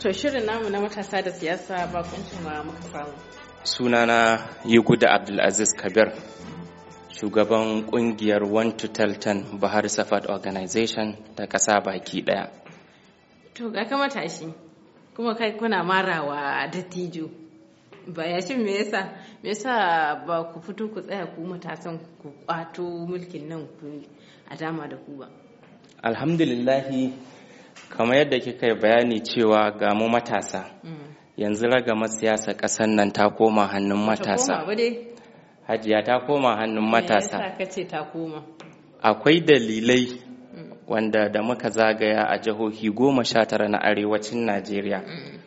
To shirin namu na matasa da siyasa bakuncin ma muka samu. Sunana Yuguda Abdulaziz Kabir, shugaban kungiyar 1-10 Bahar Safad Organization ta ƙasa baki ɗaya. To ga ka matashi, kuma kai kuna marawa dattijo. Baya shin me yasa me yasa ba ku fito ku tsaya ku matasan ku kwato mulkin nan ku a dama da ku ba. Alhamdulillahi kamar yadda kika bayani cewa ga mu matasa mm. yanzu ragamar siyasa ƙasar nan ta koma hannun matasa hajiya ta koma hannun matasa akwai dalilai mm. wanda da muka zagaya a jihohi goma sha tara na arewacin najeriya mm.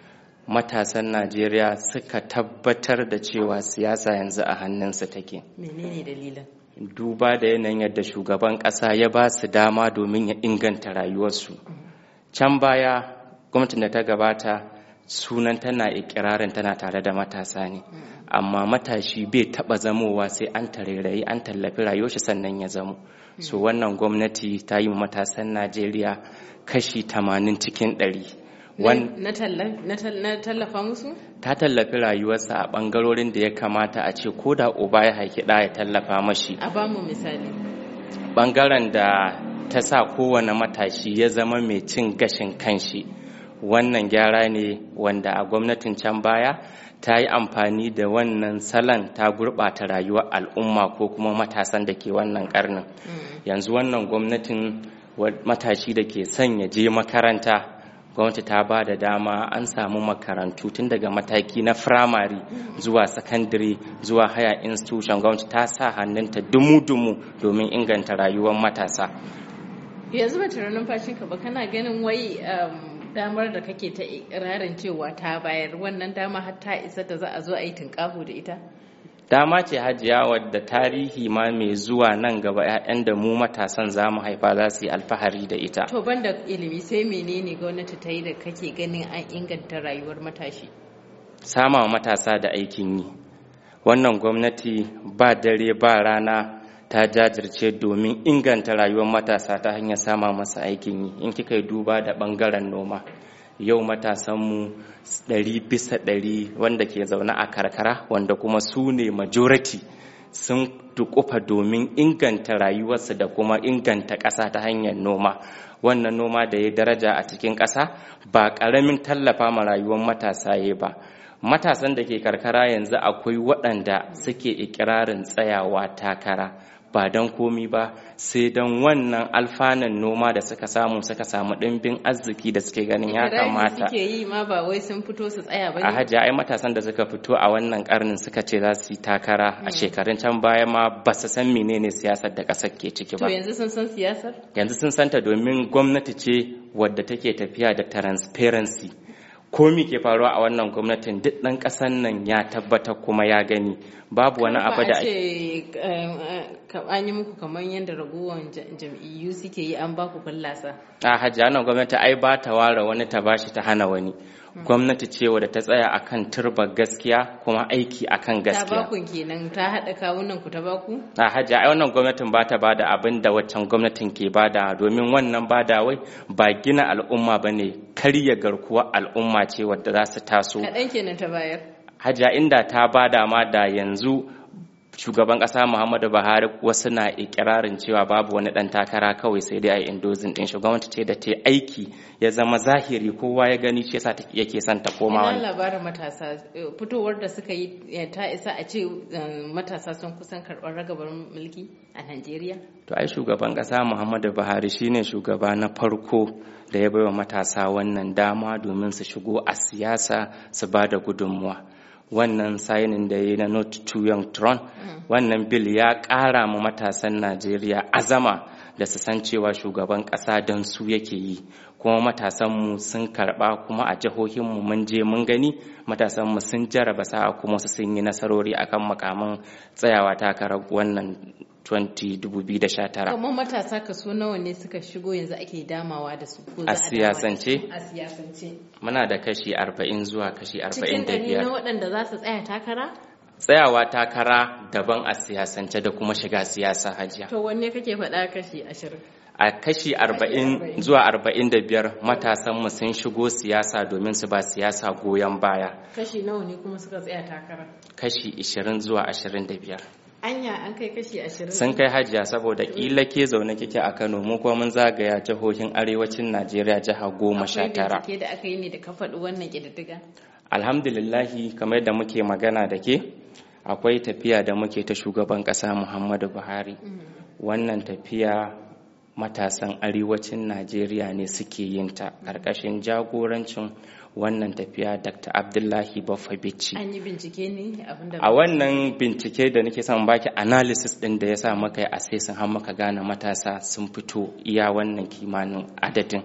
matasan najeriya suka tabbatar da cewa siyasa yanzu a hannunsu take duba da yanayin yadda shugaban ƙasa ya ba su dama domin ya inganta rayuwarsu mm -hmm. can baya gwamnatin da ta gabata sunan tana ikirarin tana tare da matasa ne amma matashi bai taba zamowa sai an rai, an tallafi rayuwarsa sannan ya zamo so wannan gwamnati ta yi matasan najeriya kashi 80 cikin 100 na tallafa musu? ta tallafi rayuwarsa a bangarorin da ya kamata a ce ko da uba ya haiki ya tallafa mashi a ba mu misali bangaren da ta sa kowane matashi ya zama mai cin gashin kanshi wannan gyara ne wanda a gwamnatin can baya ta yi amfani da wannan salon ta gurɓata rayuwar al'umma ko kuma matasan da ke wannan karnin mm. yanzu wannan gwamnatin matashi da ke son ya je makaranta gwamnati ta ba da dama an samu makarantu tun daga mataki na firamare mm. zuwa sakandare zuwa haya institution gwamnati ta sa hannunta dumu-dumu domin inganta rayuwar matasa yanzu ba tare numfashin ka ba kana ganin wai um, damar da kake ta ikirarin cewa ta bayar wannan dama har ta isa da za a zo a yi da ita dama ce hajiya wadda tarihi ma mai zuwa nan gaba 'ya'yan da mu matasan za mu haifa za su yi alfahari da ita to banda ilimi sai menene gwamnati ta yi da kake ganin an inganta rayuwar matashi sama matasa da aikin yi wannan gwamnati ba dare ba rana ta jajirce domin inganta rayuwar matasa ta hanyar sama masa aikin yi in kika yi duba da bangaren noma yau matasanmu ɗari bisa ɗari wanda ke zaune a karkara wanda kuma su ne majority sun tukufa domin inganta rayuwarsu da kuma inganta ƙasa ta hanyar noma wannan noma da ya daraja a cikin ƙasa ba ƙaramin tallafa ma rayuwar matasa ya ba matasan da ke karkara yanzu akwai waɗanda suke ikirarin tsayawa takara ba don komi ba sai don wannan alfanan noma da suka samu suka samu ɗimbin arziki da suke ganin ya kamata suke yi ma ba wai sun fito su tsaya ba a hajji ai matasan da suka fito a wannan karnin suka ce za su yi takara a hmm. shekarun can baya ma ba su san menene siyasar da ƙasar ke ciki ba to yanzu sun san siyasar yanzu sun santa domin gwamnati ce wadda take tafiya da transparency Komi ke faruwa a wannan gwamnatin duk ɗan ƙasan nan ya tabbata kuma ya gani babu wani abu da ake eh, an yi muku kamar yadda ragowar jam'iyyu suke yi an baku fallasa a hajji wannan gwamnati ai ba ta ware wani ta bashi ta hana wani Hmm. gwamnati ce wadda ta tsaya akan turba gaskiya kuma aiki akan gaskiya tabakun kenan ta haɗa kawunan ku baku? a hajji ai wannan gwamnatin ba ta bada abin da waccan gwamnatin ke bada domin wannan bada wai ba gina al'umma bane karya garkuwa al'umma ce wadda za su taso kaɗan kenan ta bayar hajja inda ta bada ma da yanzu shugaban kasa muhammadu buhari wasu na ikirarin cewa babu wani dan takara kawai sai dai a indozin din shugaban ce da ta aiki ya zama zahiri kowa ya gani ce yake son ta koma wani labarin matasa fitowar da suka yi ta isa a ce um, matasa sun kusan karɓar ragabar mulki a najeriya to ai shugaban kasa muhammadu buhari shine shugaba na farko da ya baiwa matasa wannan dama domin su shigo a siyasa su bada da gudunmuwa wannan sainin da ya yi na not to young tron mm. wannan bill ya ƙara mu matasan najeriya azama da su san cewa shugaban ƙasa don su yake yi kuma matasanmu sun karba kuma a jihohinmu mun je mun gani matasanmu sun jaraba sa'a kuma wasu sun yi nasarori akan makaman tsayawa takarar wannan 2019 kamar matasa kaso nawa ne suka shigo yanzu ake damawa da su a siyasance muna da kashi 40 zuwa kashi 45 cikin gani na waɗanda za su tsaya takara tsayawa takara daban a siyasance da kuma shiga siyasa hajiya to wanne kake faɗa kashi ashirin a kashi 40 zuwa 45 matasanmu sun shigo siyasa domin su ba siyasa goyon baya kashi nawa ne kuma suka tsaya takara kashi 20 zuwa 25 anya an kai kashi 20 sun kai hajiya saboda kila ke zaune kike a Kano mu kuma mun zagaya jihohin arewacin Najeriya jiha goma sha tara akwai da aka yi ne da ka faɗi wannan ƙididdiga alhamdulillahi kamar yadda muke magana da ke akwai tafiya da muke ta shugaban ƙasa Muhammadu Buhari mm-hmm. wannan tafiya matasan arewacin najeriya ne suke yin ta ƙarƙashin jagorancin wannan tafiya dr abdullahi baffa a wannan bincike da nake son baki analysis din da ya sa maka a sai sun har maka gane matasa sun fito iya wannan kimanin adadin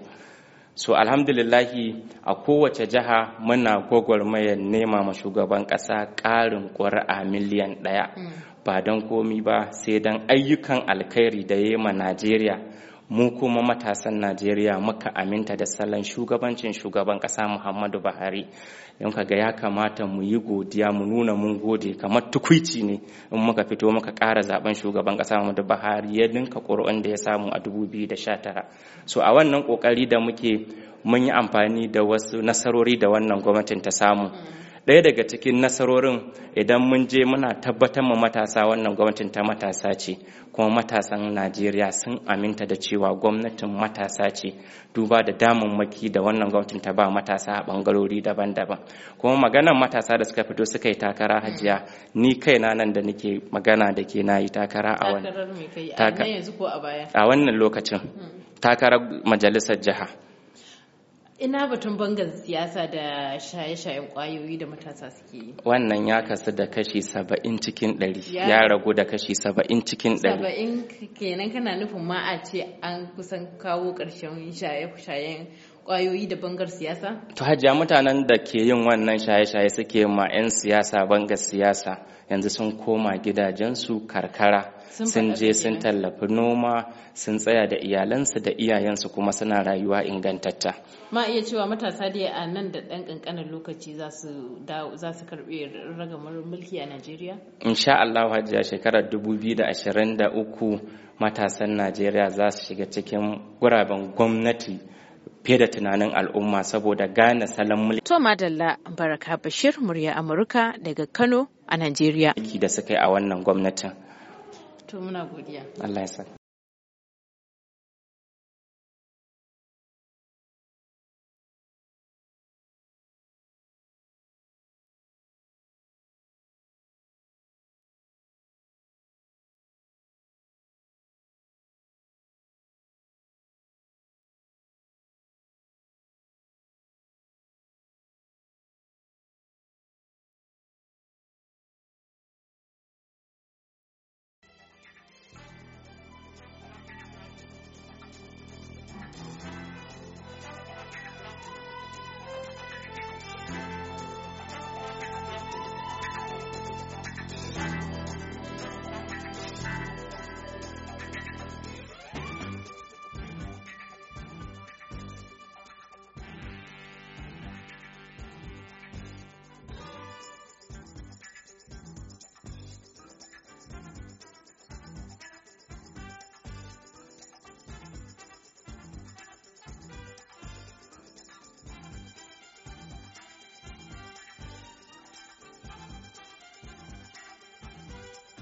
so alhamdulillahi a kowace jiha muna gwagwarmayar nema ma shugaban ƙasa ƙarin ƙuri'a miliyan ɗaya mm. ba don komi ba sai don ayyukan alkhairi da ya ma Najeriya mu kuma matasan Najeriya muka aminta da salon shugabancin shugaban ƙasa Muhammadu Buhari don ga ya kamata mu yi godiya mu nuna mun gode kamar tukuici ne in muka fito muka ƙara zaben shugaban ƙasa Muhammadu Buhari ya ninka ƙuri'un da ya samu a 2019 so a wannan ƙoƙari da muke mun yi amfani da wasu nasarori da wannan gwamnatin ta samu ɗaya daga cikin nasarorin idan mun je muna tabbatar ma matasa wannan gwamnatin ta matasa ce kuma matasan najeriya sun aminta da cewa gwamnatin matasa ce duba da damammaki da wannan gwamnatin ta ba matasa a bangarori daban-daban kuma maganan matasa da suka fito suka yi takara hajiya ni kaina nan da nake magana da ke na yi takara wannan a wannan lokacin hmm. takarar majalisar jiha ina batun bangar siyasa da shaye-shayen kwayoyi da matasa suke yi wannan ya kasu da kashi saba'in cikin ɗari ya ragu da kashi saba'in cikin ɗari saba'in kenan kana nufin ma ce an kusan kawo ƙarshen shaye-shayen kwayoyi da bangar siyasa to hajiya mutanen da ke yin wannan shaye-shaye suke ma 'yan siyasa bangar siyasa yanzu sun koma gidajensu karkara sun je sun tallafi noma sun tsaya da iyalansu da iyayensu kuma suna rayuwa ingantatta ma iya cewa matasa da a nan da ɗan ƙanƙanin lokaci za su karɓi ragamar mulki a najeriya insha allahu hajiya shekarar 2023 matasan najeriya za su shiga cikin guraben gwamnati fiye da tunanin al'umma saboda gane salon mulki. To Madalla Baraka Bashir murya Amurka daga Kano a Najeriya. Da suka yi a wannan gwamnatin. to muna godiya Allah ya saka